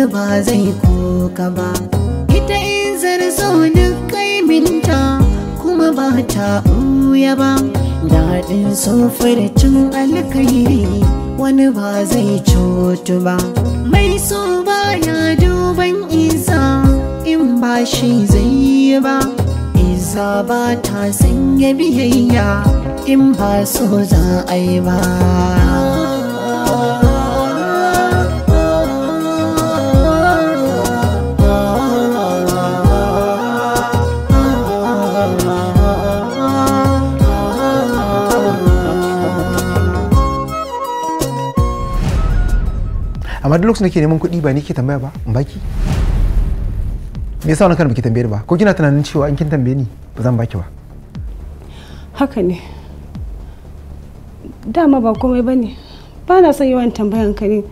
wani ba zai koka ba ita in zarzo kai kaiminta kuma ba ta uya ba daɗin cin alkairi wani ba zai cutu ba mai so ba ya duban isa in ba shi zai yi ba isa ba ta sanya biyayya in ba so za a yi ba amma duk lokacin da ke neman kuɗi ba ni ke tambaya ba in baki me yasa wannan kan biki tambayar ba ko kina tunanin cewa in kin tambaye ni ba zan baki ba haka ne dama ba komai bane ba na son yawan tambayan ka ne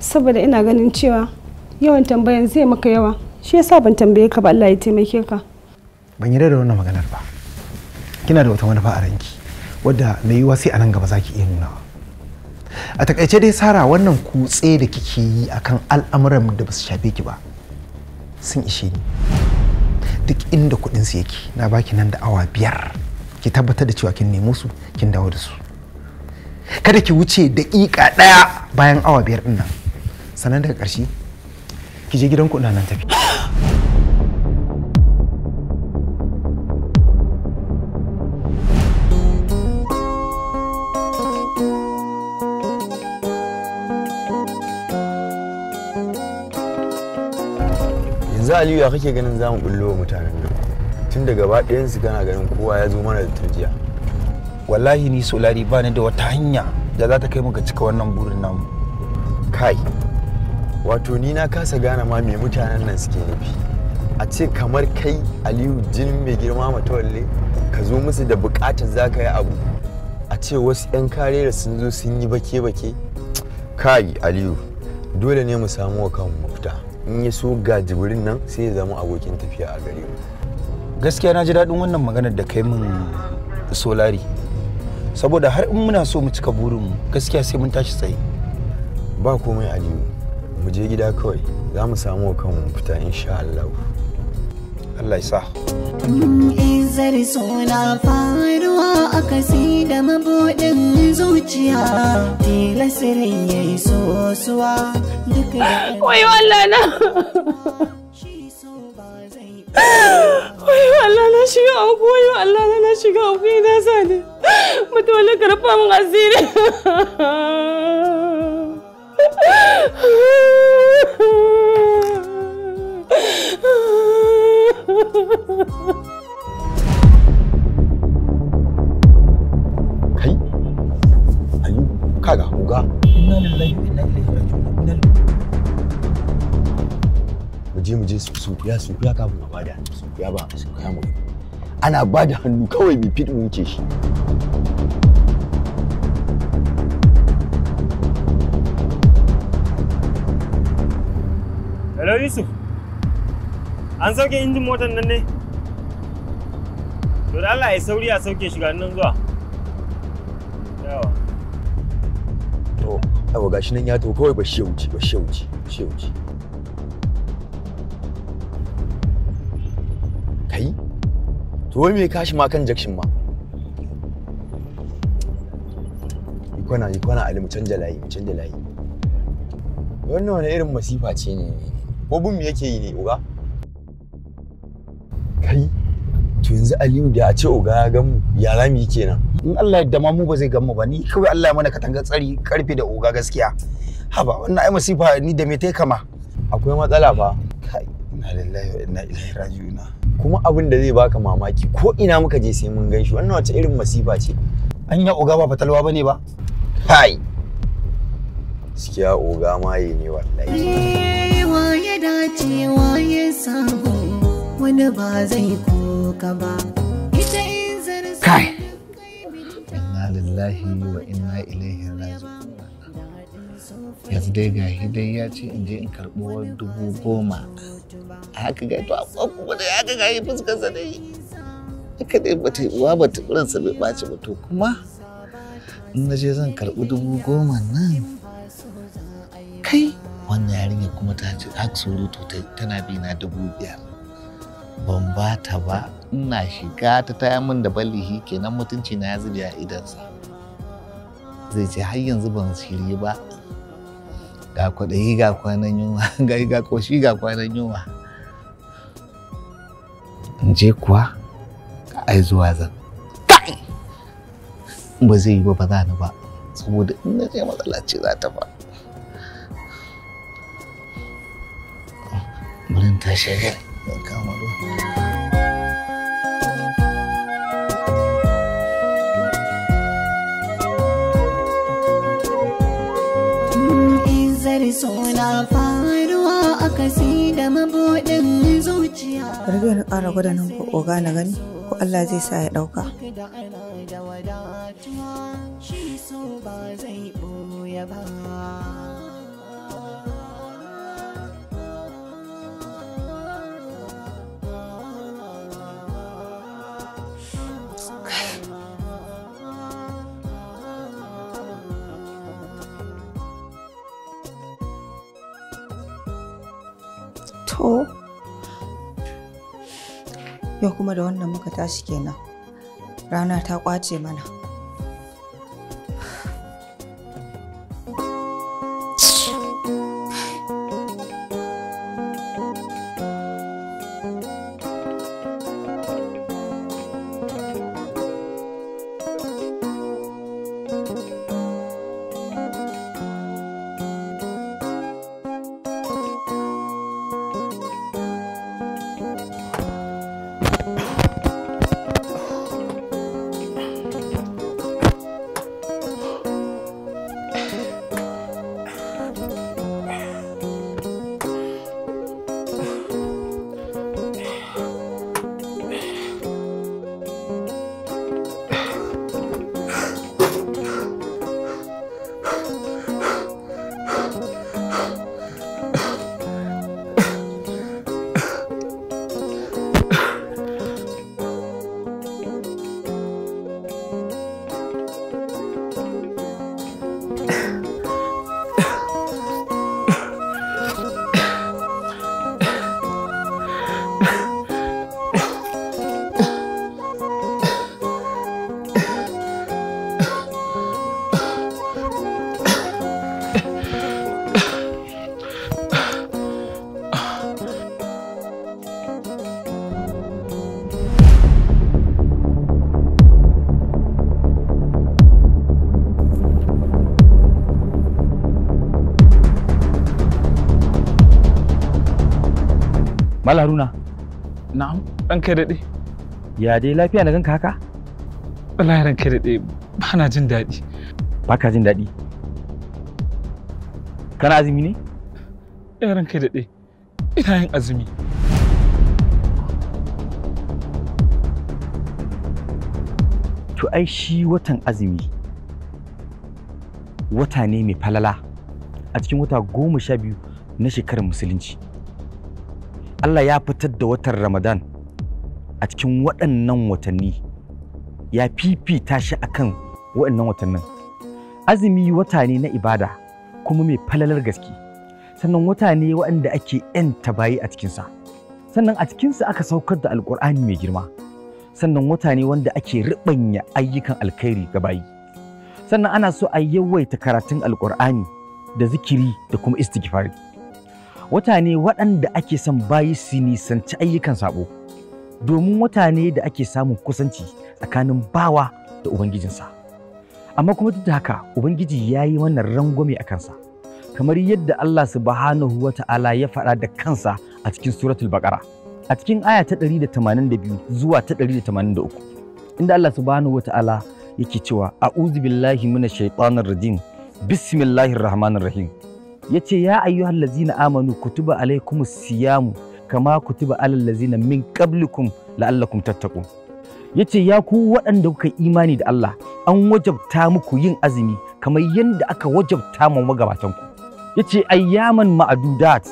saboda ina ganin cewa yawan tambayan zai maka yawa shi yasa ban tambaye ka ba Allah ya taimake ka ban yarda da wannan maganar ba kina da wata manufa a ranki wadda mai yiwuwa sai a nan gaba zaki iya nunawa a takaice dai sara wannan kutse da kike yi akan al'amuran da ba su shafe ki ba sun ishe ni duk inda kuɗin su yake na baki nan da awa biyar ki tabbatar da cewa kin nemo su kin dawo da su kada ki wuce daƙiƙa ɗaya bayan awa biyar ɗin nan sannan daga ƙarshe ki je gidan kuɗin nan tafi yanzu aliyu ya kake ganin zamu bullo wa mutanen nan tun da gaba ɗayansu kana ganin kowa ya zo mana da turjiya wallahi ni solari ba ni da wata hanya da za ta kai mu ga cika wannan burin namu kai wato ni na kasa gane ma mai mutanen nan suke nufi a ce kamar kai aliyu jini mai girma matawalle ka zo musu da bukatar za ka yi abu a ce wasu 'yan da sun zo sun yi bake-bake kai aliyu dole ne mu samu wa kanmu mafita in ya so ga jibirin nan sai ya zama abokin tafiya a gare mu gaskiya na ji daɗin wannan maganar da kai min solari saboda har in muna so mu cika burin mu gaskiya sai mun tashi tsaye ba komai aliyu mu je gida kawai za mu samu wa kanmu fita insha Allah Allah ya sa izar suna faruwa a kasi da mabuɗin zuciya tilasirin ya yi sosuwa wai wallah na wai wallah na shiga wai wallah na na shiga sa ne asiri ha kai ayu kaga uga inna lillahi wa inna ilaihi raji'un mu je mu je su ya su ya ka mu bada su ya ba su ya mu ana bada hannu kawai bi fit mu wuce shi Hello Yusuf An sauke injin motar nan ne? To da Allah ya sauri a sauke shi nan zuwa. Yawa. To, yawa gashi nan ya to kawai ba shi ya wuce, ba shi ya wuce, shi ya wuce. Kai? To wai me kashi ma kan jakshin ma? Ikona, ikona Ali mu canja layi, mu canja layi. Wannan wani irin masifa ce ne. Ko bin me yake yi ne, uga? yanzu Aliyu da a ce oga ya gan mu ya kenan in Allah ya dama mu ba zai ga mu ba ni kawai Allah ya mana katanga tsari karfe da oga gaskiya haba wannan ai masifa ni da me tai kama akwai matsala fa kai inna lillahi wa inna ilaihi raji'un kuma abin da zai baka mamaki ko ina muka je sai mun gan shi wannan wace irin masifa ce an ya oga ba fatalwa bane ba kai gaskiya oga yi ne wallahi eh, ya dace ya sabo wani ba zai ko gaba kai inna lillahi wa inna ilaihi yanzu dai ga dai ya ce in karɓo dubu goma a haka ga to a kuma da haka ga fuskarsa haka dai uwa bai ɓaci ba to kuma in na je zan karɓi dubu goma nan kai wannan yarinya kuma ta ce haka surutu tana bi na dubu biyar ban ba ta ba ina shiga ta taya min da balihi kenan mutunci na ya zube a idansa zai ce har yanzu ban shiri ba ga kwaɗayi ga kwanan yunwa ga ga koshi ga kwanan yunwa in je kuwa ka ai zuwa zan kai ba zai yi ba ba za ni ba saboda in na je matsala ce za ta ba Bulan tashi ya kama ruwa. Kar suna faruwa a kasi da mabuɗin zuciya. Karbi na ƙara gwada nan ko oga na gani ko Allah zai sa ya ɗauka. Shi so ba zai ba. yau kuma da wannan muka tashi kenan rana ta kwace mana Mala Haruna. Na'am, ɗan kai daɗe. Ya dai lafiya na ganka haka? Wallahi ran kai daɗe ba na jin daɗi. Ba ka jin daɗi? Kana azumi ne? Eh ran kai daɗe. Ina yin azumi. To ai shi watan azumi wata ne mai falala a cikin wata goma sha biyu na shekarar musulunci. Allah ya fitar da watan Ramadan a cikin waɗannan watanni ya fifita shi kan waɗannan watannin. Azumi wata ne na ibada kuma mai falalar gaske. Sannan wata ne waɗanda ake ‘yanta bayi a cikinsa. Sannan a cikinsa aka saukar da Alƙur'ani mai girma. Sannan wata ne wanda ake riɓanya ayyukan alkhairi ga bayi. Sannan ana so a yawaita karatun Alƙur'ani da zikiri da kuma istighfari. wata ne waɗanda ake son bayi su nisanci ayyukan sabo domin wata ne da ake samun kusanci tsakanin bawa da ubangijinsa amma kuma duk da haka ubangiji ya yi wannan rangwame a kansa kamar yadda Allah subhanahu wa ta'ala ya faɗa da kansa a cikin suratul baqara a cikin aya ta 182 zuwa ta 183 inda Allah subhanahu wa ta'ala yake cewa a'udhu billahi minash shaitanir rajim bismillahir rahmanir rahim Ya ce ya ayyuhal Hallazina amanu kutiba alaikum siyamu kama kutuba alal lazina min qablikum la'allakum tattaqun yace ya ku waɗanda kuka imani da Allah an wajabta muku yin azumi kamar yadda aka wajabta ma magabatan ku yace ayyaman ma'adudat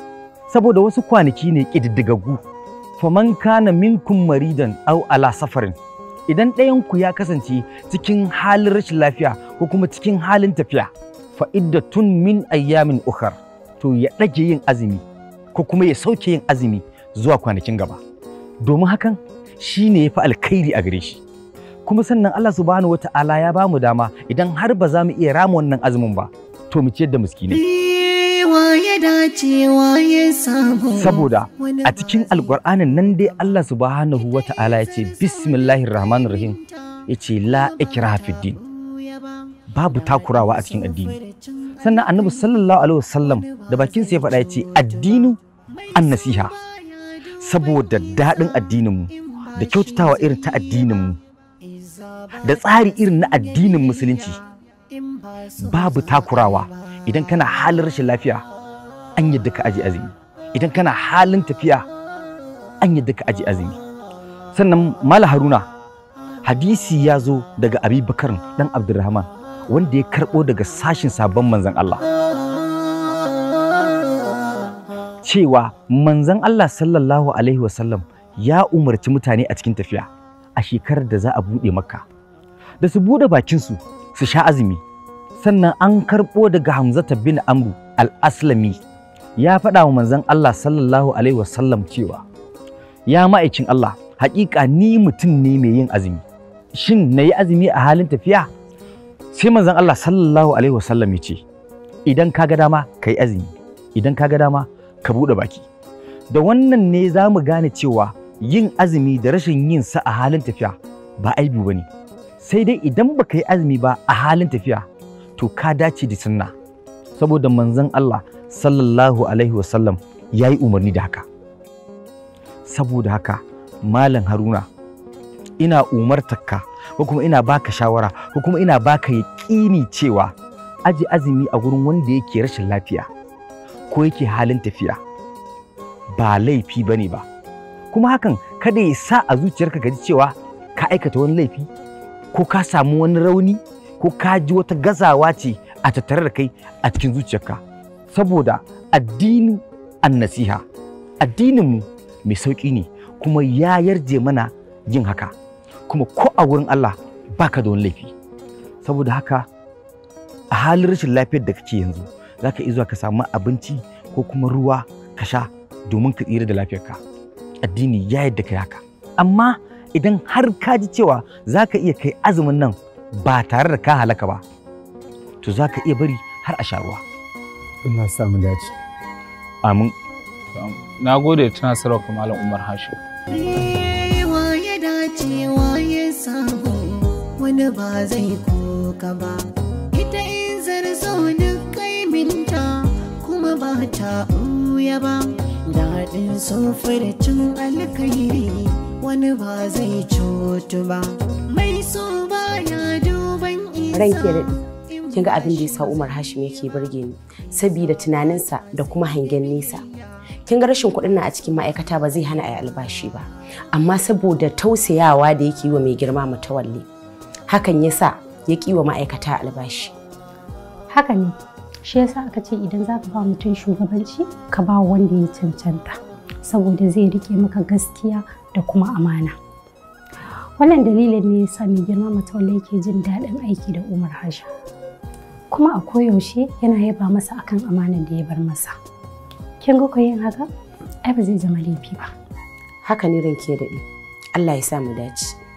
saboda wasu kwanaki ne kididdigaggu faman kana minkum maridan aw ala safarin idan ɗayan ku ya kasance cikin halin rashin lafiya ko kuma cikin halin tafiya Fa'idda tun min ayyamin ukhar to ya ɗage yin azumi ko kuma ya sauke yin azumi zuwa kwanakin gaba domin hakan shi ne ya fi alkhairi a gare shi kuma sannan Allah subhanahu wata'ala ya ba mu dama idan har ba za mu iya rama wannan azumin ba to mu ciyar da muskini saboda a cikin alkur'anin nan dai Allah subhanahu wata'ala ya ce bismillahir rahmanir rahim ya ce la ikra din babu takurawa a cikin addini sannan annabi sallallahu alaihi wasallam da bakin sa ya faɗa ya ce addinu an nasiha saboda daɗin mu da kyautatawa irin ta mu da tsari irin na addinin musulunci babu takurawa idan kana halin rashin lafiya an yadda ka aji azumi idan kana halin tafiya an yadda ka aji azumi sannan Malam haruna hadisi ya zo daga abi bakar dan abdulrahman wanda ya karɓo daga sashin sabon manzan Allah cewa manzan Allah sallallahu alaihi wasallam ya umarci mutane a cikin tafiya a shekarar da za a buɗe makka da su buɗe bakinsu su sha azumi sannan an karɓo daga hamzata bin amru al-aslami ya faɗa wa manzon Allah sallallahu alaihi wasallam cewa ya ma'aikin Allah haƙiƙa ni mutum ne mai yin azumi shin na yi azumi a halin tafiya sai manzon Allah sallallahu alaihi wasallam ya ce idan ka ga dama kai azumi idan ka ga dama ka bude baki da wannan ne za mu gane cewa yin azumi da rashin yin sa a halin tafiya ba aibu bane sai dai idan baka yi azumi ba a halin tafiya to ka dace da sunna saboda manzon Allah sallallahu alaihi wasallam ya yi umarni da haka saboda haka malam haruna ina umartarka ko kuma ina baka shawara ko kuma ina baka yaƙini cewa aji azumi a gurin wanda yake rashin lafiya ko yake halin tafiya ba laifi bane ba kuma hakan kada ya sa a zuciyarka gaji cewa ka aikata wani laifi ko ka samu wani rauni ko ka ji wata gazawa ce a tattare da kai a cikin zuciyarka saboda addini annasiha addininmu mai sauƙi ne kuma ya yarje mana yin haka kuma ko a wurin Allah ba ka da wani laifi saboda haka a halin rashin lafiyar da kake yanzu za ka zuwa ka samu abinci ko kuma ruwa ka sha domin ka tsira da lafiyarka addini ya yadda kai haka amma idan har ka ji cewa za ka iya kai azumin nan ba tare da ka halaka ba to za ka iya bari har a sha ruwa samu dace amin na gode tana sarrafa malam Umar Hashim wani ba zai koka ba ita in zarzo kaiminta kuma ba ta ɓuya ba daɗin cin alkairi wani ba zai cutu ba mai so ba ya duban isa kin ga abin da ya sa Umar Hashim yake burge ni saboda tunaninsa da kuma hangen nesa kin ga rashin kuɗin na a cikin ma'aikata ba zai hana a yi albashi ba amma saboda tausayawa da yake yi wa mai girma mutawalli hakan ya sa ya kiwa ma'aikata albashi haka ne shi yasa aka ce idan za ka ba mutum shugabanci ka ba wanda ya cancanta saboda zai rike maka gaskiya da kuma amana wannan dalilin ne yasa mai girma matawalla yake jin daɗin aiki da umar hasha kuma a koyaushe yana yaba masa akan amanar da ya bar masa kin ga yin haka ai ba zai zama laifi ba haka ne ranke daɗi allah ya sa mu dace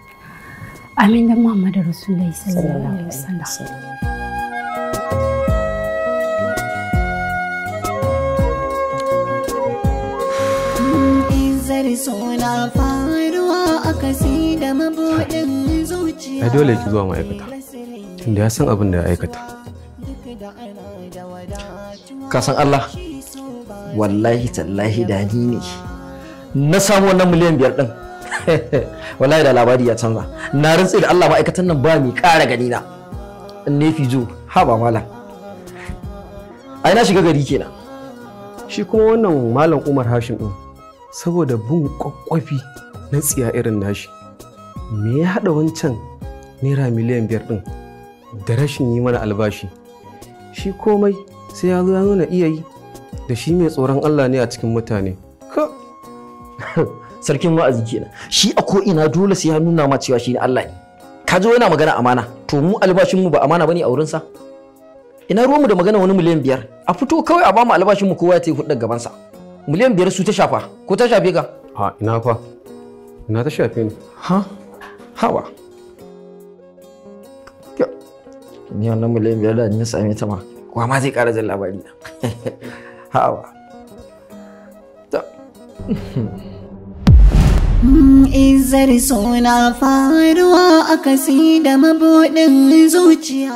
Amin da Muhammadu Rasulullahi sallallahu alaihi wasallam. suna faruwa Ai dole ki zuwa ma'aikata, tunda ya san abin da ya aikata. Ka san Allah, wallahi tallahi da ni ne. Na samu wannan miliyan biyar ɗin wallahi da labari ya canza na rantsi da Allah ma'aikatan nan ba mi ƙara gani na in ne fijo ha ba malam ai na shiga gari kenan shi kuma wannan malam Umar Hashim din saboda bin kwakwafi na tsiya irin nashi me ya haɗa wancan naira miliyan biyar din? da rashin yi mana albashi shi komai sai ya zo ya nuna iya yi da shi mai tsoron Allah ne a cikin mutane sarkin wa'azi kenan shi a ko ina dole sai ya nuna ma cewa shi ne Allah ne ka zo yana magana amana to mu albashin mu ba amana bane a wurin sa ina ruwan mu da magana wani miliyan biyar a fito kawai a ba mu albashin mu kowa ya tafi hudar gaban sa miliyan biyar su ta shafa ko ta shafe ka ha ina fa ina ta shafe ni ha hawa ni wannan miliyan biyar da ni same ta ma wa ma zai kara jin labari na hawa Izar suna faruwa a kasi da mabuɗin zuciya.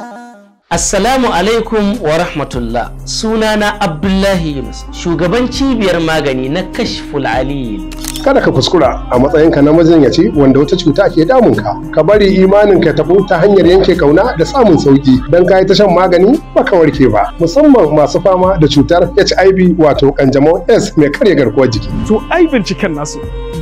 Assalamu alaikum wa rahmatullah sunana Abdullahi Yunus shugaban cibiyar magani na kashful alil. Kada ka kuskura a matsayinka na mazinyaci wanda wata cuta ke damunka. Ka bari imanin ka tabo ta hanyar yanke kauna da samun sauki don ka ta shan magani baka warke ba. Musamman masu fama da cutar HIV wato kanjamau S mai karya garkuwar jiki. To ai binciken nasu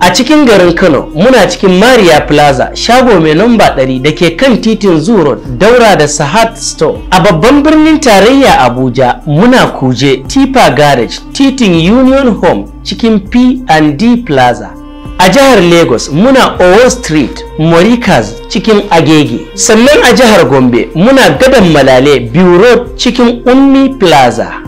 a cikin garin kano muna cikin maria plaza shago mai namba ɗari da ke kan titin zuro daura da sahat store a babban birnin tarayya abuja muna kuje tipa garage titin union home cikin p&d plaza a jihar lagos muna owo street morikas cikin agege sannan a jihar gombe muna gadon malale bureau cikin ummi plaza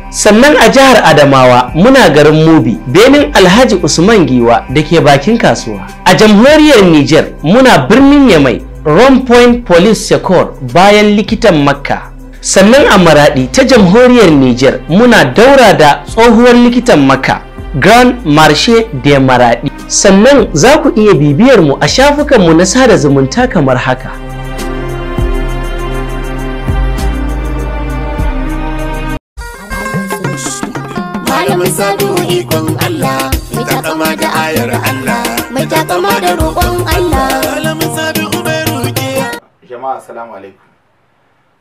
sannan a jihar adamawa muna garin mubi benin alhaji usman giwa da ke bakin kasuwa a jamhuriyar niger muna birnin yamai point Police Secor bayan likitan Makka. Sannan a Maraɗi ta jamhuriyar Nijar muna daura da tsohuwar likitan Makka Grand Marche de Maraɗi. Sannan za ku iya bibiyar mu a shafukanmu na sada zumunta kamar haka. mun sadu ikon Allah mai takama da ayar Allah mai takama da roƙon Allah mun sabi'u mai roƙe jama'a assalamu alaikum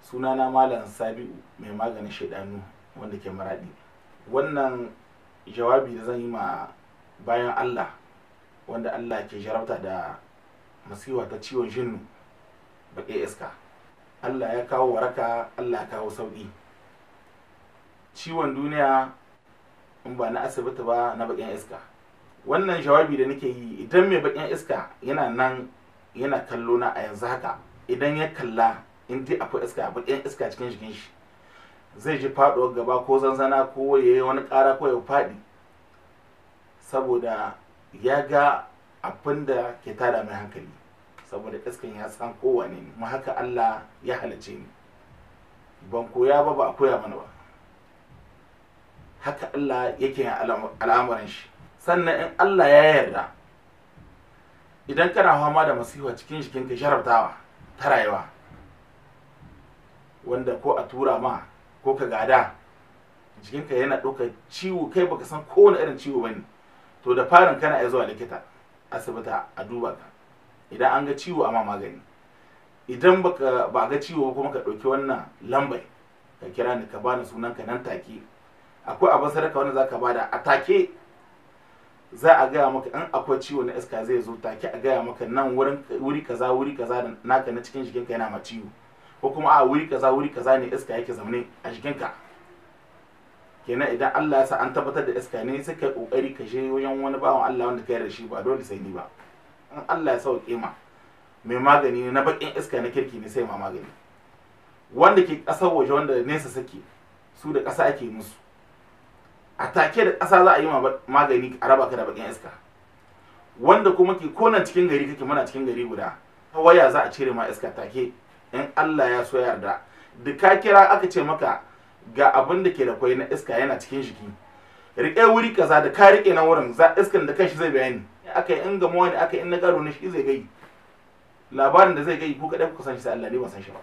sunana malam sabi'u mai maganin shaidanu wanda ke maradi wannan jawabi da zan yi ma bayan Allah wanda Allah ke jarabta da masiwa ta ciwon jinnu baƙi iska Allah ya kawo waraka Allah ya kawo sauƙi ciwon duniya in ba na asibiti ba na bakin iska wannan jawabi da nake yi idan mai bakin iska yana nan yana kallo na a yanzu haka idan ya kalla in dai akwai iska bakin iska cikin jikin shi zai ji faɗuwar gaba ko zanzana ko ya yi wani kara ko ya faɗi saboda ya ga abin ke tada mai hankali saboda iskan ya san kowane ne mu haka Allah ya halice ni ban koya ba ba koya mana ba haka Allah yake yin al'amuran shi sannan in Allah ya yarda idan kana fama da masifa cikin jikinka sharabtawa ta rayuwa wanda ko a tura ma ko ka gada jikinka yana ɗauka ciwo kai baka san kowane irin ciwo bane to da farin kana iya zuwa likita asibita a duba ka idan an ga ciwo amma magani idan ba ga ciwo kuma ka ɗauki wannan lambai ka kira ni ka bani sunan ka nan take akwai abin sadaka wanda zaka bada a take za a gaya maka in akwai ciwo na iska zai zo take a gaya maka nan wurin wuri kaza wuri kaza naka na cikin jikinka yana ma ko kuma a wuri kaza wuri kaza ne iska yake zamane a jikinka kenan idan Allah ya sa an tabbatar da iska ne sai kai kokari ka je wajen wani bawan Allah wanda kai da shi ba dole sai ni ba in Allah ya sauke ma mai magani ne na bakin iska na kirki ne sai ma magani wanda ke kasar waje wanda nesa sake su da kasa ake musu a take da kasa za a yi magani a raba ka da bakin iska wanda kuma ke konan cikin gari kake mana cikin gari guda ta waya za a cire ma iska take in Allah ya so yarda da ka kira aka ce maka ga abin da ke da kwai na iska yana cikin jiki riƙe wuri kaza da ka riƙe na wurin za iskan da kanshi zai bayani aka yi in gamuwa ne aka yi in na garo ne shi zai gai labarin da zai gai ku kaɗai ku san shi sai Allah ne ba san shi ba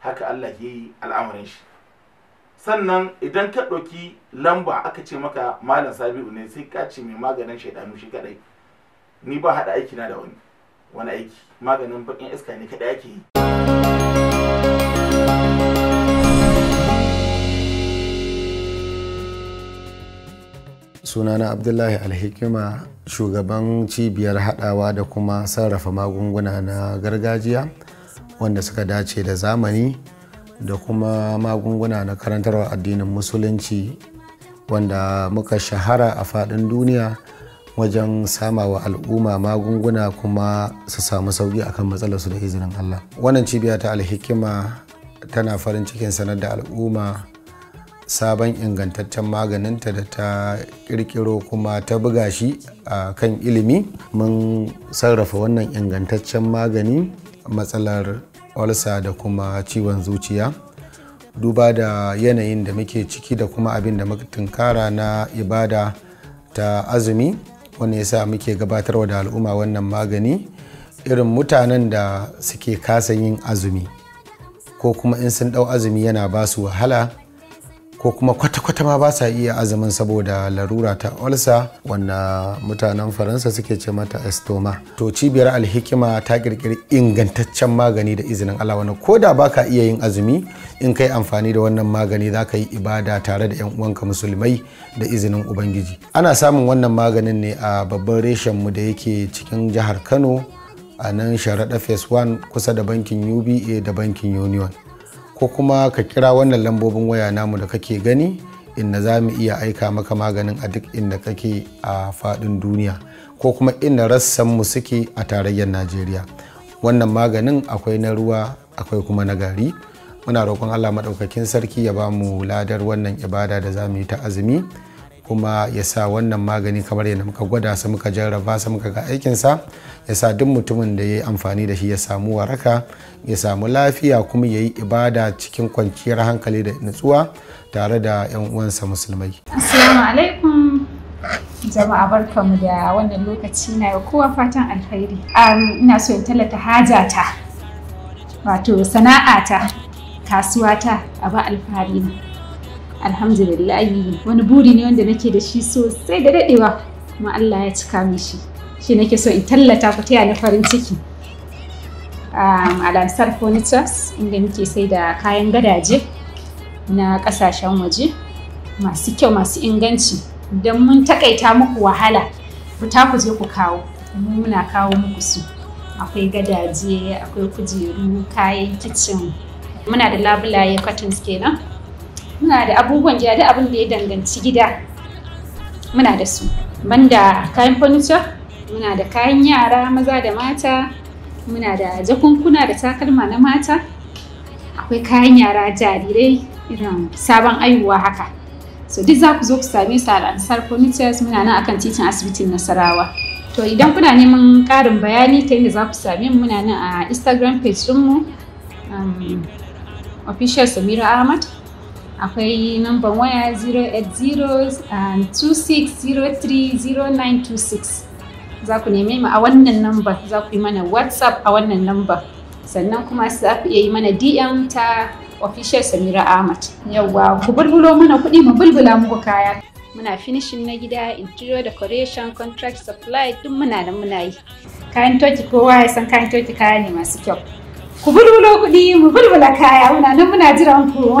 haka Allah ke yi al'amarin shi sannan idan ka ɗauki lamba aka ce maka malam sabi'u ne sai ka ce mai maganin shaidanu shi kadai ni ba haɗa aiki na da wani wani aiki maganin bakin iska ne kadai ake yi sunana abdullahi alhikima shugaban cibiyar haɗawa da kuma sarrafa magunguna na gargajiya wanda suka dace da zamani da kuma magunguna na karantarwa addinin musulunci wanda muka shahara a faɗin duniya wajen samawa al'umma magunguna kuma su samu sauki akan su da izinin Allah. Wannan cibiya ta alhikima tana farin cikin sanar da al'umma sabon ingantaccen maganinta da ta kirkiro kuma ta buga shi a kan ilimi mun sarrafa wannan ingantaccen magani matsalar olsa da kuma ciwon zuciya duba da yanayin da muke ciki da kuma abin da muka tunkara na ibada ta azumi wanda ya sa muke gabatarwa da al'umma wannan magani irin mutanen da suke kasa yin azumi ko kuma in sun ɗau azumi yana ba su wahala ko kuma kwata-kwata ma ba sa iya azumin saboda larura ta olsa wanda mutanen faransa suke ce mata estoma to cibiyar alhikima ta kirkiri ingantaccen magani da izinin allah wani ko da ba ka iya yin azumi in kai amfani da wannan magani za ka yi ibada tare da yan uwanka musulmai da izinin ubangiji ana samun wannan maganin ne a babban reshen mu da yake cikin jihar kano a nan sharaɗa phase 1 kusa da bankin uba da bankin union ko kuma ka kira wannan lambobin waya namu da kake gani inda za mu iya aika maka maganin a duk inda kake a faɗin duniya ko kuma inda mu suke a tarayyar najeriya wannan maganin akwai na ruwa akwai kuma na gari muna roƙon allah maɗaukakin sarki ya ba mu ladar wannan ibada da za mu yi ta azumi kuma ya sa wannan magani kamar yadda muka gwada sa muka jarraba sa muka ga aikinsa ya sa duk mutumin da ya yi amfani da shi ya samu waraka ya samu lafiya kuma ya yi ibada cikin kwanciyar hankali da nutsuwa tare da 'yan uwansa musulmai. Assalamu alaikum jama'a barkamu da wannan lokaci na yau kowa fatan alkhairi. Ina so in tallata hajata wato sana'ata kasuwata a ba alfahari alhamdulillahi wani buri ne wanda nake da shi sosai da daɗewa kuma Allah ya cika min shi shi nake so in tallata ku taya na farin ciki a Lamsar Furnitures inda muke sai da kayan gadaje na ƙasashen waje masu kyau masu inganci don mun takaita muku wahala ta ku je ku kawo muna kawo muku su akwai gadaje akwai kujeru kayan kicin muna da labulaye cottons kenan muna da abubuwan gida da abin da ya danganci gida muna da su banda kayan furniture muna da kayan yara maza da mata muna da jakunkuna da takalma na mata akwai kayan yara jarirai irin sabon aihuwa haka so duk za ku zo ku same su a ansar furnitures muna nan akan titin asibitin nasarawa to idan kuna neman ƙarin bayani ta yadda za ku same mu muna nan a instagram page ɗinmu um, official samira ahmad akwai numban waya 08026030926 za ku neme mu a wannan number, za ku yi mana whatsapp a wannan number, sannan kuma za ku iya yi mana dm ta official samira ahmad yawwa ku bulbulo mana kuɗi mu bulbula muku kaya muna finishin na gida interior decoration contract supply duk muna da muna yi kayan toki kowa ya san kayan toki kaya ne masu kyau ku bulbulo kuɗi mu bulbula kaya muna nan muna jiran ku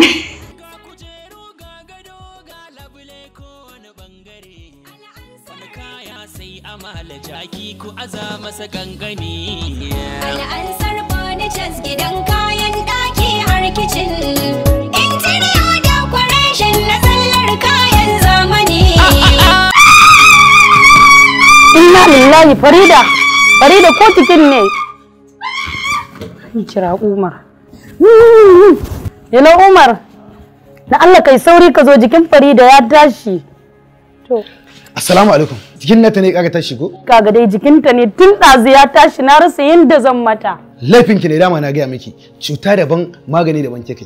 jaki ku aza masa gangami al'ansar furnitures gidan kayan daki har kicin interior decoration na tsallar kayan zamani inna lillahi farida farida ko cikin ne kira umar hello umar na allah kai sauri ka zo jikin farida ya tashi to assalamu alaikum jikin nata ne kaga ta ko kaga dai jikinta ne tun ɗazu ya tashi na rasa yadda zan mata laifinki ne dama na gaya miki cuta daban magani daban kike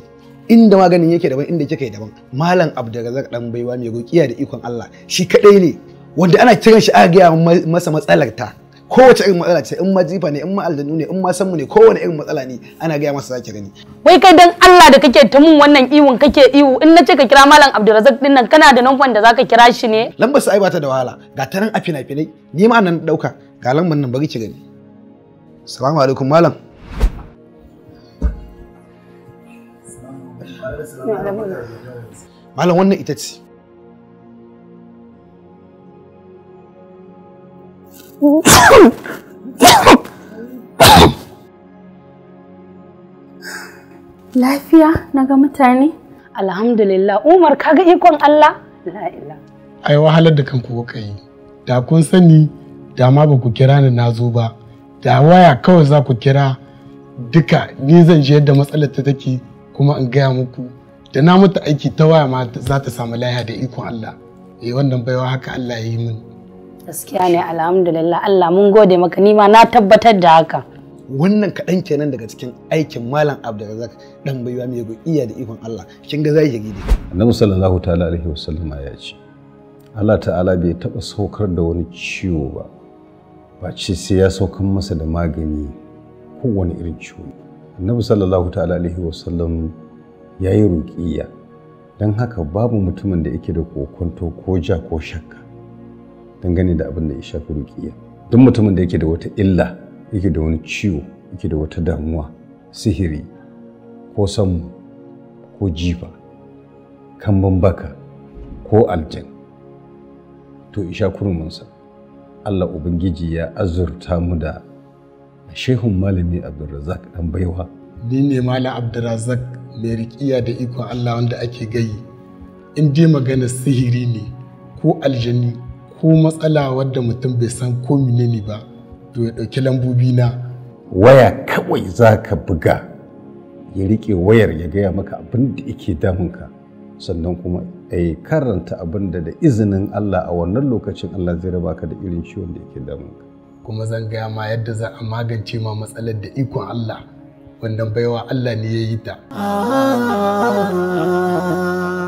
inda maganin yake daban inda kike daban malam abdurrazak dan baiwa mai gokiya da ikon Allah shi kadai ne wanda ana kiran shi aka gaya masa matsalarta. kowace irin matsala ce in ma jifa ne in ma aljanu ne in ma sanmu ne kowane irin matsala ne ana gaya masa zaki gani wai kai dan Allah da kake ta mun wannan iwon kake iwo in na ce ka kira malam Abdulrazak din nan kana da nan da zaka kira shi ne lambar sai ba bata da wahala ga ta nan a fina-finai ni ma nan dauka ga lambar nan bari ki gani assalamu alaikum malam malam wannan ita ce Lafiya na ga mutane? Alhamdulillah, Umar ka ga ikon Allah? A Ai wahalar da kanku kuka yi. Da kun sani da ma ba ku kira ni na zo ba. Da waya kawai za ku kira duka ni zan je yadda matsalar ta take kuma in gaya muku. Da na mutu aiki ta waya ma za ta samu laya da ikon Allah. Eh wannan baiwa haka Allah ya yi min. gaskiya ne alhamdulillah Allah mun gode maka ni ma na tabbatar da haka wannan kaɗan kenan daga cikin aikin malam abdulrazak dan baiwa mai go iya da ikon Allah kin ga zai gidi annabi sallallahu ta'ala alaihi wasallam ya ce Allah ta'ala bai taba saukar da wani ciwo ba ba ce sai ya saukar masa da magani ko wani irin ciwo annabi sallallahu ta'ala alaihi wasallam ya yi ruƙiyya haka babu mutumin da yake da kokonto ko ja ko shakka dangane da abin da ya shafi rukiya duk mutumin da yake da wata illa yake da wani ciwo yake da wata damuwa sihiri ko samu ko jifa kan baka ko aljan to isha kurminsa Allah Ubangiji ya azurta mu da shehun malami Abdulrazak dan baiwa ni ne malam Abdulrazak mai riƙiya da ikon Allah wanda ake gayi in dai magana sihiri ne ko aljani ko matsala wadda mutum bai san ko ne ba to ya ɗauki lambobi na waya kawai za ka buga ya riƙe wayar ya gaya maka abin da yake damunka sannan kuma ya karanta abin da da izinin Allah a wannan lokacin Allah zai raba ka da irin ciwon da yake damunka kuma zan gaya ma yadda za a magance ma matsalar da ikon Allah wannan baiwa Allah ne ya yi ta. Ah.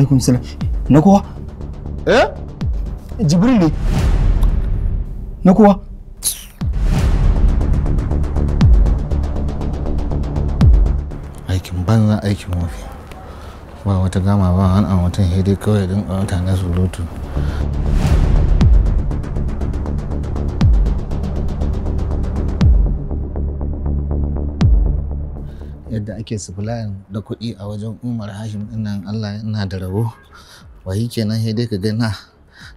alaikum salam na kowa eh jibril ne na kowa aikin banza aikin wafi ba wata gama ba an watan hede kawai din a wata nasu surutu da ake supplying da kuɗi a wajen Umar Hashim ɗinnan Allah ina da rabo. Wahi kenan sai dai ka ga na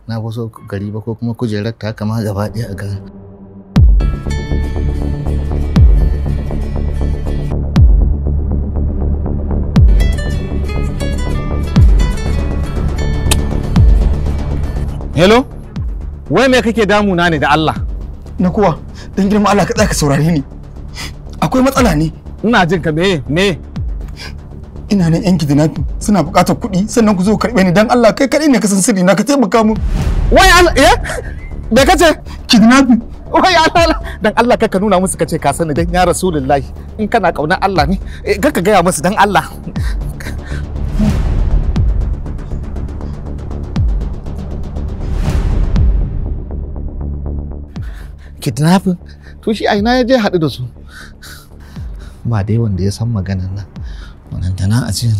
na fi so gari ba ko kuma kujerar ta kama ma gaba ɗaya a garin. Hello? Wai me kake damuna ne da Allah? Na kuwa, don girma Allah ka tsaka saurare ni. Akwai matsala ne. ina jin ka me me ina nan yan kidnapping suna buƙatar kuɗi sannan ku zo karɓe ni dan Allah kai kaɗai ne ka san sirri na ka taimaka mu wai Allah eh da kace kidnapping wai Allah dan Allah kai ka nuna musu kace ka sani dan ya rasulullahi in kana kaunar Allah ne eh, ka ka gaya musu dan Allah kidnapping to shi a ina ya je haɗu da su ba dai wanda ya san maganan nan wannan tana a cikin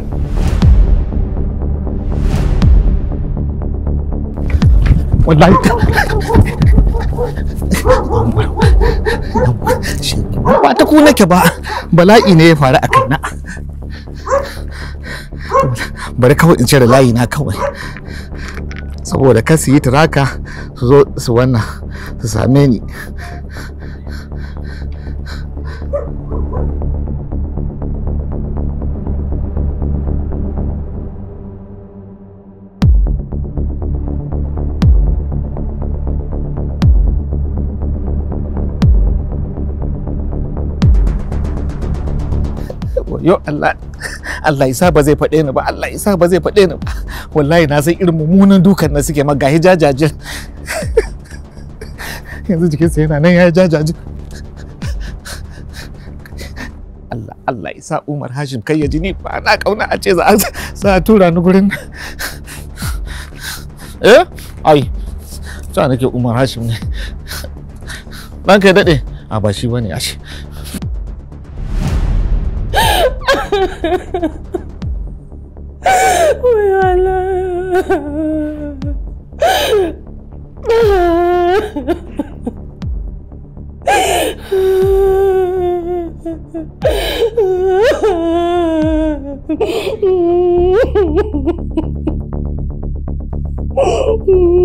wallahi ba ta ku nake ba bala'i ne ya faru a kaina bari kawai in cire layi na kawai saboda kasi yi turaka su zo su wannan su same ni yo Allah Allah isa ba zai faɗe ni ba Allah isa ba zai faɗe ni ba wallahi na san irin mummunan dukan na suke ma gahi jajaje yanzu jikinsa yana nan ya jajaje Allah Allah isa Umar Hashim kai ya ji ni ba na kauna a ce za a tura ni gurin eh ai ta nake Umar Hashim ne ranka kai dade! a ba shi bane ashe Ôi là Oh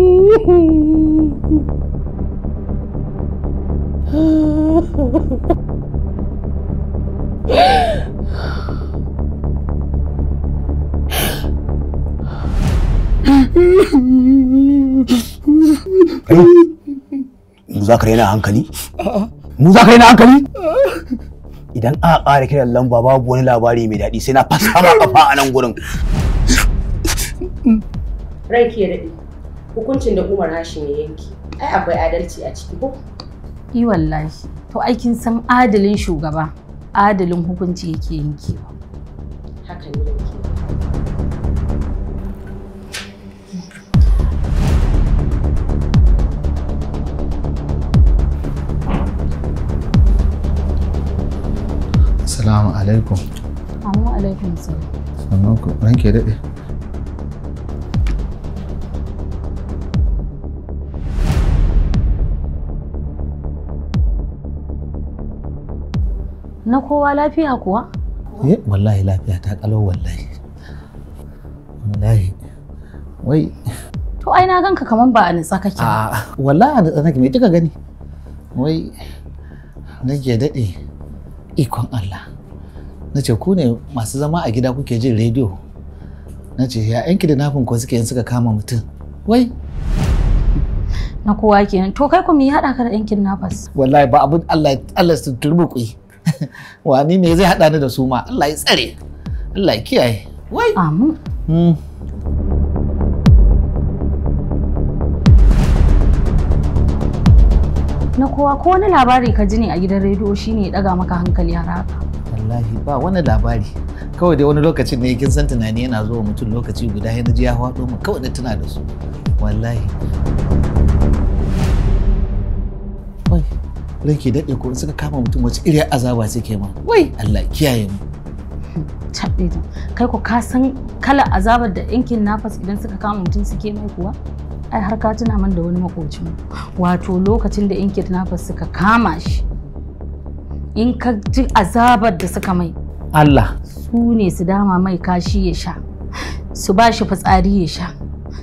mu za ka hankali? mu za hankali? idan a ƙara kiran lamba babu wani labari mai daɗi sai na fasa ma kafa a nan gurin. ranki ya daɗi hukuncin da umar hashim ya yanki ai akwai adalci a ciki ko? i wallahi to aikin san adalin shugaba adalin hukunci yake yankewa haka ne Assalamu alaikum. Assalamu alaikum salam. Sannan ku ranke daɗe. Na kowa lafiya kuwa? Eh, wallahi lafiya ta kalau wallahi. Wallahi. Wai. To ai na ganka kaman ba a nutsa kake. A ah, wallahi a nutsa nake me kika gani? Wai nake dade ikon Allah. Nace ku ne masu zama a gida kuke jin rediyo. Nace ya yanki da nafin ko suke yin suka kama mutum. Wai na kowa kenan to kai ku mi hada ka da yankin nafas wallahi ba abun Allah Allah su ku. wani ne zai hada ni da su ma Allah ya tsare Allah ya kiyaye wai amin hmm. na kowa ko wani labari ka ji ne a gidan rediyo shine ya daga maka hankali har haka wallahi ba wani labari kawai dai wani lokacin ne kin san tunani yana zuwa mutum lokaci guda ya ji ya hwado mu kawai da tuna da su wallahi ranki daɗe ko suka kama mutum wace iriya azaba sai kai ma wai Allah kiyaye mu taɓeja kai ko ka san kalar azabar da yankin nafas idan suka kama mutum suke mai kuwa ai har ka tuna man da wani makocin wato lokacin da yankin nafas suka kama shi in ka ji azabar da suka mai Allah su ne su dama mai kashi ya sha su ba shi fitsari ya sha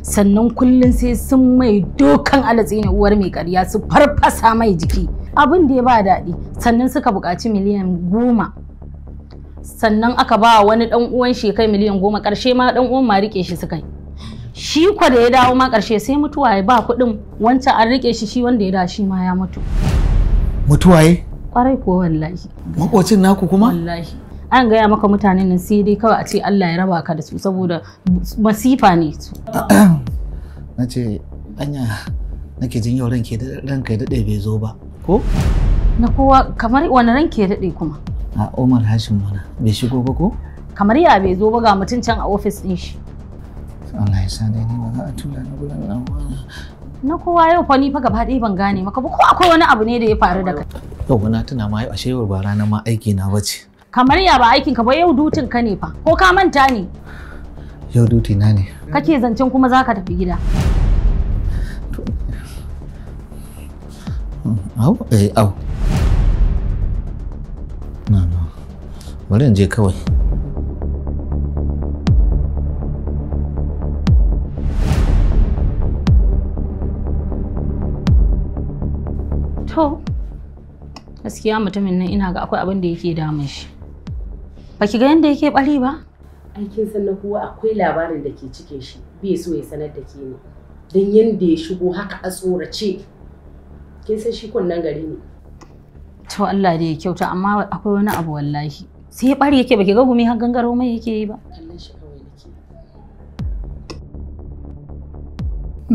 sannan kullum sai sun mai dokan alatsi ne uwar mai ƙarya su farfasa mai jiki abin da ya ba daɗi sannan suka buƙaci miliyan goma sannan aka ba wani ɗan uwan shi kai miliyan goma ƙarshe ma ɗan uwan ma riƙe shi suka yi shi kwa da ya dawo ma ƙarshe sai mutuwa ya ba kuɗin wancan an riƙe shi shi wanda ya da shi ma ya mutu Mutuwa ye? ƙwarai ko wallahi makocin naku kuma wallahi an gaya maka mutanen nan sai dai kawai a ce Allah ya raba ka da su saboda masifa ne su na ce anya nake jin yau ranka ya daɗe bai zo ba ko? Na kowa kamar wani ran ke daɗe kuma. A Umar Hashim mana bai shigo ba ko? Kamar ya bai zo ba ga mutum can a ofis ɗin shi. Allah ya sa dai ne ba za a tura na gudan nan Na kowa yau fa ni fa gaba ɗaya ban gane maka ba ko akwai wani abu ne da ya faru da kai. Yau na tuna ma ashe yau ba ranar ma aiki na bace. Kamar ya ba aikin ka ba yau dutin ka ne fa ko ka manta ne. Yau duti na ne. Kake zancen kuma zaka tafi gida. Au, eh, au. Bari je kawai. To, gaskiya mutumin nan ina ga akwai abin da yake damun shi. Ba ki ga yadda yake bari ba? Aikin sannan kuwa akwai labarin da ke cikin shi, bai so ya sanar da ke ne. Don yadda ya shigo haka a tsorace kin san shi kunnan gari ne to Allah dai ya kyauta amma akwai wani abu wallahi sai ya bari yake baki ga gumi har gangaro mai yake yi ba Allah shi kawai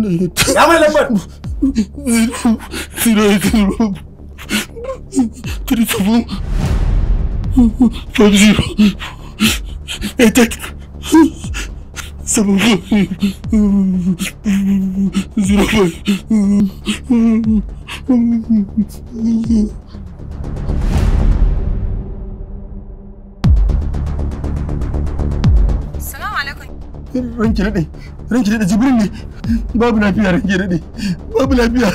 yake ya mai lambar saboda zurfai ranki daɗe ranki daɗe jibrin ne babu lafiya ranki daɗe babu lafiya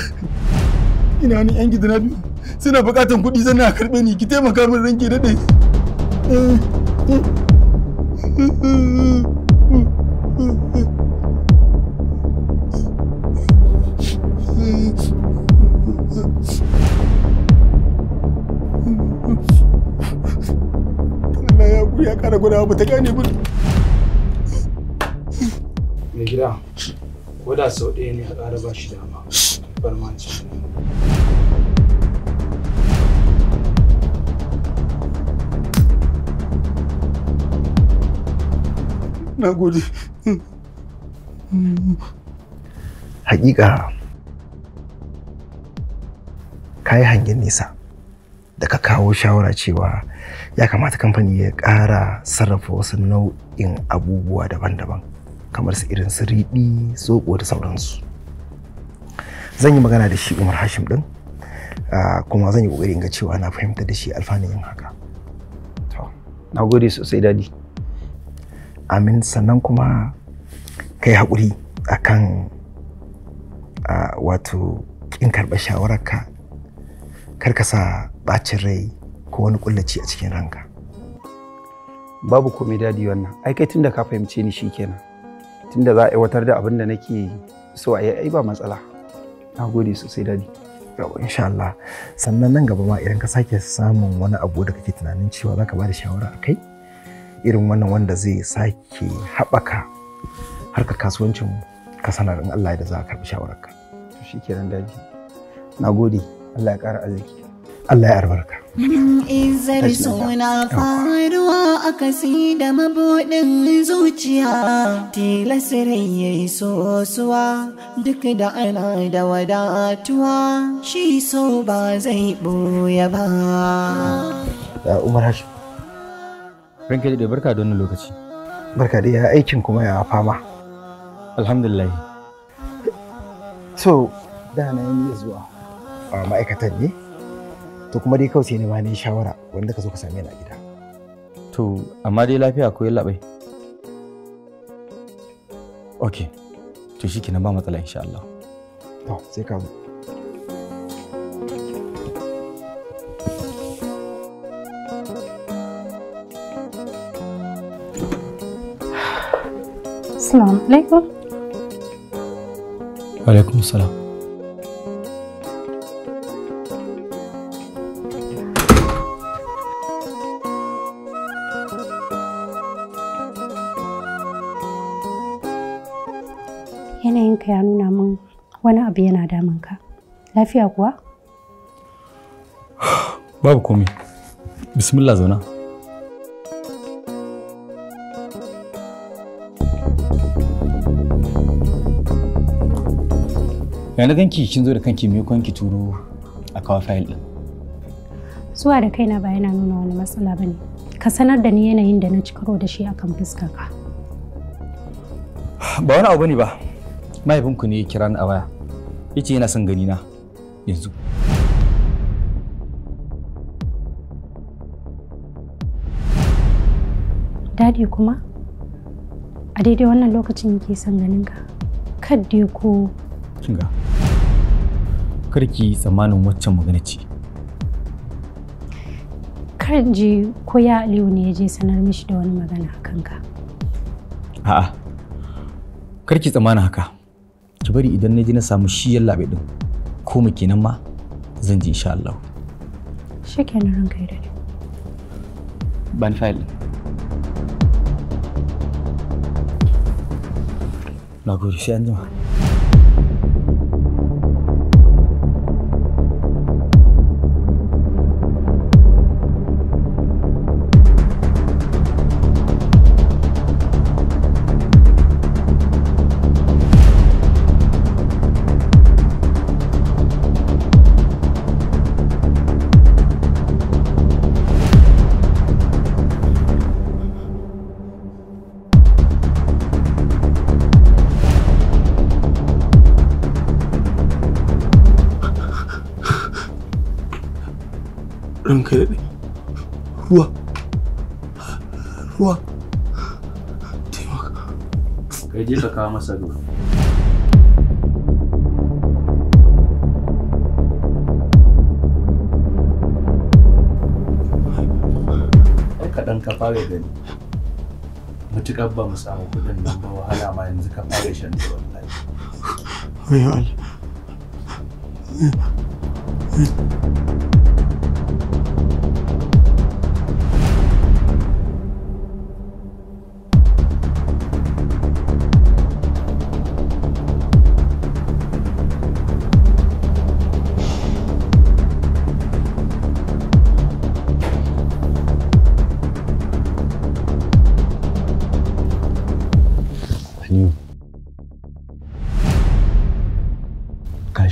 ina wani yan gidana biyu suna buƙatar kuɗi sannan a karɓe ni ki taimaka min ranki daɗe eh, eh, eh, kara gwada ba ta gane ba mai gida ko da sau ɗaya ne a ƙara ba shi dama bar ma ci na gode hakika ka yi hangen nesa da ka kawo shawara cewa ya kamata kamfani ya ƙara sarrafa wasu nau'in abubuwa daban-daban kamar su irin su riɗi zoɓo da sauransu zan yi magana da shi umar hashim ɗin kuma zan yi ƙoƙari ga cewa na fahimta da shi alfanun yin haka na gode sosai dadi amin sannan kuma kai haƙuri akan wato ƙin karɓar shawararka karkasa sa ɓacin rai ko wani kullaci a cikin ranka babu komai dadi wannan ai kai tunda ka fahimce ni shikenan tunda za a aiwatar da abin da nake so a yi ai ba matsala na gode sosai dadi yawa insha Allah sannan nan gaba ma idan ka sake samun wani abu da kake tunanin cewa za ka ba shawara a kai irin wannan wanda zai sake haɓaka harkar kasuwancin ka sanar in Allah da za ka karɓi shawararka to shikenan dadi. na gode Allah ya ƙara arziki Allah ya albarka. zar suna faruwa a kasi mabuɗin zuciya, tilasirin ya yi ana da wadatuwa, shi so ba zai ɓoye ba. Umar Hashim. Ranka da barka don lokaci. Barka da ya aikin kuma ya fama. Alhamdulillah. So, da na yi zuwa a ma'aikatan ne? to kuma dai kawai sai ni ma ni shawara wanda ka zo ka same ni a gida to amma dai lafiya ko bai. okay to shi shikenan ba matsala insha Allah to sai ka zo Assalamu alaikum. Wa alaikum abu yana damun ka. Lafiya kuwa? Babu komai. Bismillah zauna. Yana ganki kin zo da kanki mai kwanki turo a kawo fayil din. Zuwa da kaina ba yana nuna wani matsala ba ne. Ka sanar da ni yanayin da na ci karo da shi a kan ka. Ba wani abu ne ba. Mahaifinku ne ya kira ni a waya. yace yana son gani na yanzu dadi kuma a daidai wannan lokacin yake son ganin ka kadde ko kinga karki tsammanin waccan magana ce karin ji ko ya aliyu ne ya je sanar mishi da wani magana a kanka a'a karki tsammanin haka ki bari idan na ji na samu shi yallaɓe din ko mu kenan ma zan ji insha Allah. Shi kenan ranka ya dade. Ban fail Na gode sai an jima. ruwa ruwa Timok. kai je ka kawo masa ruwa kaɗan ka fara gani mutukar ba mu samu kuɗin nan ba wahala ma yanzu ka fara shan da wallahi. Allah.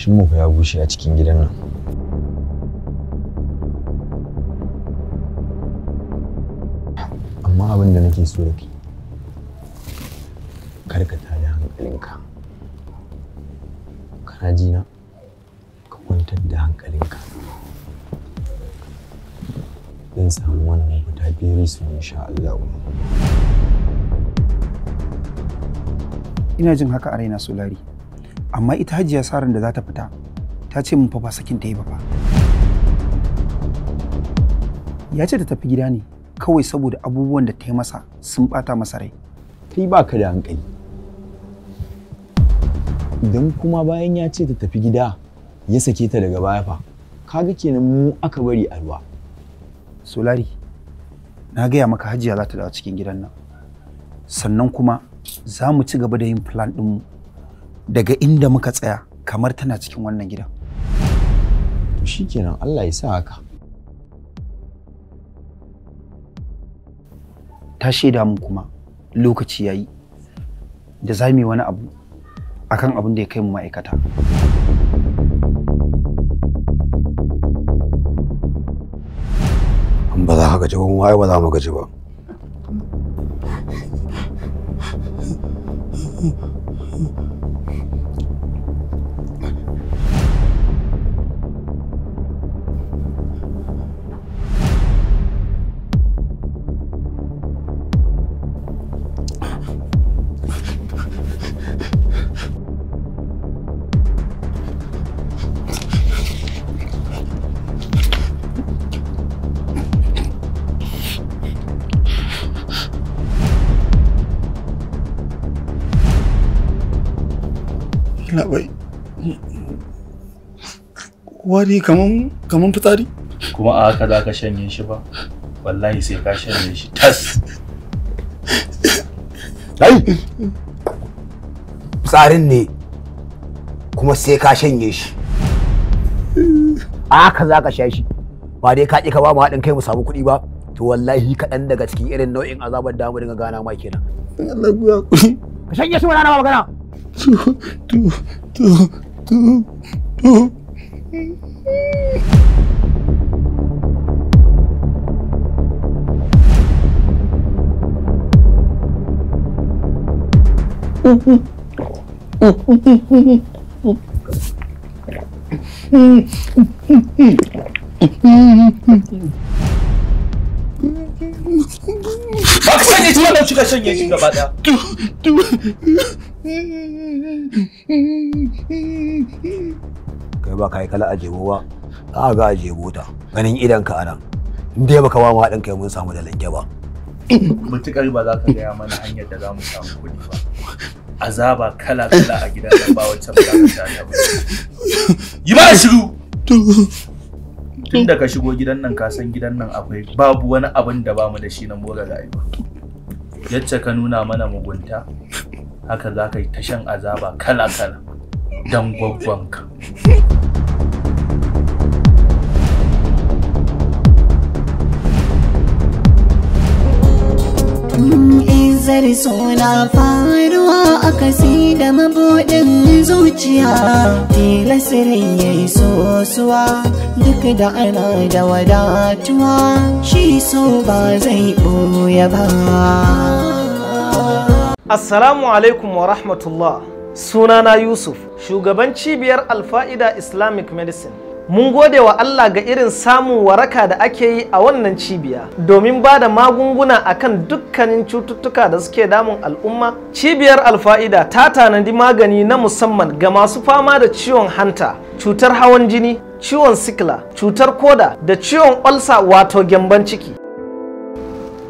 kashin mu ya bushe a cikin gidan nan amma abin da nake so da ke ta da hankalinka kana ji na ka kwantar da hankalinka zan samu wannan guda biyar su sha Allah ina jin haka a raina solari amma ita hajiya sarin da za ta fita ta ce min fa ba sakin ta yi ba ya ce ta tafi gida ne kawai saboda abubuwan da ta yi masa sun bata masa rai kai ba ka da hankali idan kuma bayan ya ce ta tafi gida ya sake ta daga baya fa kaga kenan mu aka bari a ruwa solari na gaya maka hajiya za ta dawo cikin gidan nan sannan kuma za mu ci gaba da yin plan ɗinmu daga inda muka tsaya kamar tana cikin wannan gidan. To shikenan Allah ya sa haka. Ta shaida mu kuma lokaci yayi da za mu yi wani abu akan abin da ya kai mu ma'aikata. Ba za ka gaji ba, mu ba za mu gaji ba. wari kaman fitari. kuma a haka za ka shanye shi ba wallahi sai ka shanye shi tas ai tsarin ne kuma sai ka shanye shi a haka za ka sha shi ba dai ka ƙi ka ba mu haɗin kai mu samu kuɗi ba to wallahi kaɗan daga cikin irin nau'in azabar da mu dinga gana ma kenan Allah ya ka shanye shi wani magana tu, tu, to to 막상에 사람 죽었던 얘기인가 봐다. kai ba kai kala a jebo ba a ga a jebo ta ganin idan ka anan in dai baka ba mu haɗin kai mun samu da lanke ba mutukar ba za ka gaya mana hanyar da za mu samu kuɗi ba azaba kala kala a gidan nan ba wacce ba za ka ba yi ma shiru tun da ka shigo gidan nan ka san gidan nan akwai babu wani abin da bamu da shi na more rayuwa yacce ka nuna mana mugunta haka za ka yi tashan azaba kala kala dan gwaggwanka zar suna faruwa a kasi da mabuɗin zuciya tilasirin ya yi sosuwa duk da ana da wadatuwa shi so ba zai ɓoye ba assalamu alaikum wa rahmatullah sunana yusuf shugaban cibiyar alfa'ida islamic medicine mun gode wa allah ga irin samun waraka da ake yi a wannan cibiya domin ba da magunguna akan dukkanin cututtuka da suke damun al'umma cibiyar alfa'ida ta tanadi magani na musamman ga masu fama da ciwon hanta cutar hawan jini ciwon sikila cutar koda da ciwon olsa wato gyamban ciki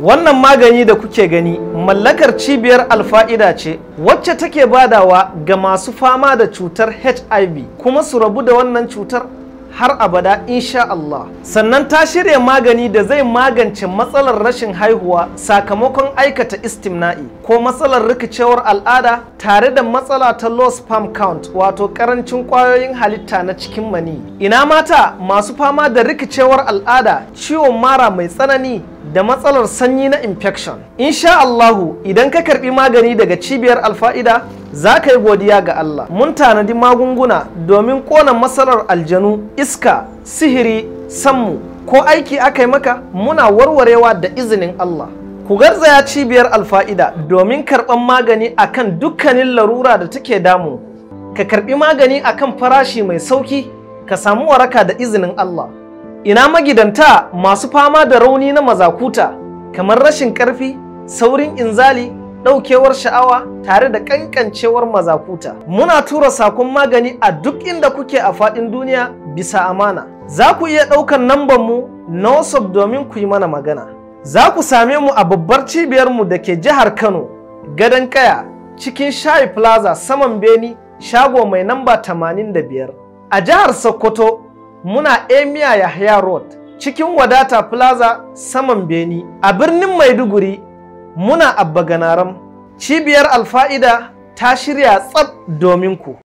wannan magani da kuke gani mallakar cibiyar alfa'ida ce wacce take badawa ga masu fama da cutar hiv kuma su rabu da wannan cutar har abada insha Allah sannan ta shirya magani da zai magance matsalar rashin haihuwa sakamakon aikata istimna'i ko matsalar rikicewar al'ada tare da matsala ta low sperm count wato karancin kwayoyin halitta na cikin mani ina mata masu fama da rikicewar al'ada ciwon mara mai tsanani da matsalar sanyi na infection insha Allahu idan ka karbi magani daga cibiyar alfa'ida za ka yi godiya ga Allah mun tanadi magunguna domin kona matsalar aljanu iska sihiri sammu ko aiki aka yi maka muna warwarewa da izinin Allah ku garzaya cibiyar alfa'ida domin karɓan magani akan dukkanin larura da take damu ka karɓi magani akan farashi mai sauki ka samu waraka da izinin Allah ina magidanta masu fama da rauni na mazakuta kamar rashin ƙarfi saurin inzali ɗaukewar sha'awa tare da ƙanƙancewar mazakuta muna tura sakon magani a duk inda kuke a faɗin duniya bisa amana za ku iya ɗaukar nambanmu na whatsapp domin ku yi mana magana za ku same mu a babbar cibiyarmu da ke jihar kano gadon kaya cikin shayi plaza saman beni shago mai namba 85 a jihar sokoto muna emia yahya road cikin wadata plaza saman beni a birnin maiduguri muna abba ganaram cibiyar alfa'ida ta shirya tsab domin ku